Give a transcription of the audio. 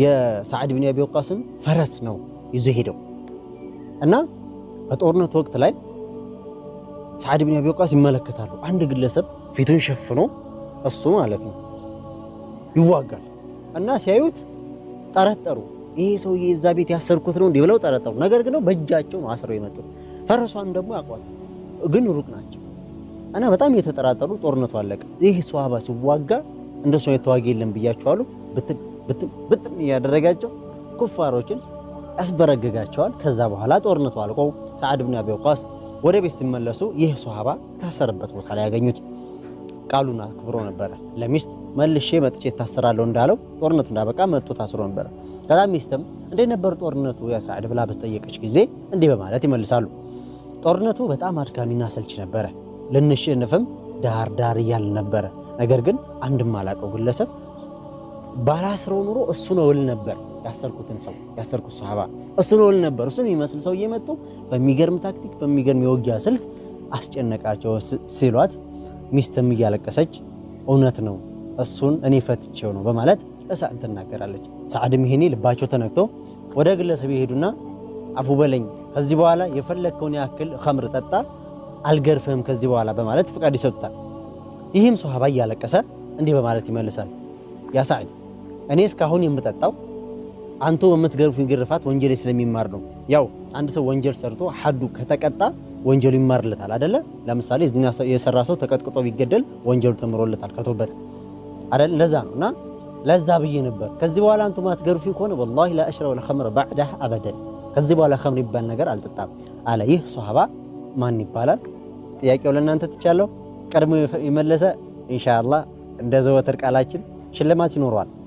የሳዕድ ብን አቢ ወቃስን ፈረስ ነው ይዞ ሄደው እና በጦርነት ወቅት ላይ ሳዕድ ብን አቢ ወቃስ ይመለከታሉ። አንድ ግለሰብ ፊቱን ሸፍኖ እሱ ማለት ነው ይዋጋል እና ሲያዩት ጠረጠሩ። ይሄ ሰውዬ እዛ ቤት ያሰርኩት ነው እንዲህ ብለው ጠረጠሩ። ነገር ግን በእጃቸው ነው አስረው የመጡት። ፈረሷን ደግሞ ያውቋል፣ ግን ሩቅ ናቸው እና በጣም የተጠራጠሩ ጦርነቱ አለቀ። ይህ ሷባ ሲዋጋ እንደሱ የተዋጋ የለም ብያቸዋሉ። ብትም ያደረጋቸው እያደረጋቸው ኩፋሮችን ያስበረግጋቸዋል። ከዛ በኋላ ጦርነቱ አልቆ ሰዓድ ብን አቢ ወቃስ ወደ ቤት ሲመለሱ ይህ ሶሃባ የታሰረበት ቦታ ላይ ያገኙት። ቃሉን አክብሮ ነበረ። ለሚስት መልሼ መጥቼ ታሰራለሁ እንዳለው ጦርነቱ እንዳበቃ መጥቶ ታስሮ ነበረ። ከዛ ሚስትም እንዴ ነበር ጦርነቱ ያሳዕድ ብላ በተጠየቀች ጊዜ እንዲህ በማለት ይመልሳሉ። ጦርነቱ በጣም አድካሚና ሰልች ነበረ። ልንሸንፍም ዳር ዳር እያልን ነበረ። ነገር ግን አንድም አላቀው ግለሰብ ባላስረው ኑሮ እሱ ነው እል ነበር ያሰርኩትን ሰው ያሰርኩት ሰሃባ እሱ ነው እል ነበር። እሱ የሚመስል ሰው እየመጡ በሚገርም ታክቲክ በሚገርም የውጊያ ስልት አስጨነቃቸው ሲሏት ሚስትም እያለቀሰች እውነት ነው እሱን እኔ ፈትቼው ነው በማለት ለሳዕድ ትናገራለች። ሳዕድም ይሄኔ ልባቸው ተነክቶ ወደ ግለሰብ ይሄዱና አፉ በለኝ ከዚህ በኋላ የፈለግከውን ያክል ኸምር ጠጣ፣ አልገርፍህም ከዚህ በኋላ በማለት ፍቃድ ይሰጡታል። ይህም ሶሃባ እያለቀሰ እንዲህ በማለት ይመልሳል ያ ሳዕድ እኔ እስካሁን የምጠጣው አንተ በምትገርፉኝ ግርፋት ወንጀል ስለሚማር ነው። ያው አንድ ሰው ወንጀል ሰርቶ ሀዱ ከተቀጣ ወንጀሉ ይማርለታል አይደለ? ለምሳሌ እዚህ የሰራ ሰው ተቀጥቅጦ ቢገደል ወንጀሉ ተምሮለታል ከቶበት አይደል? ለዛ ነውና ለዛ ብዬ ነበር። ከዚህ በኋላ አንተ ማትገርፉኝ ከሆነ ወላሂ ላ አሽረብ አልኸምረ ባዕዳ አበደን፣ ከዚህ በኋላ ኸምር ይባል ነገር አልጠጣም አለ። ይህ ሶሃባ ማን ይባላል? ጥያቄው ለእናንተ ትቻለሁ። ቀድሞ የመለሰ ኢንሻአላህ እንደ ዘወትር ቃላችን ሽልማት ይኖረዋል።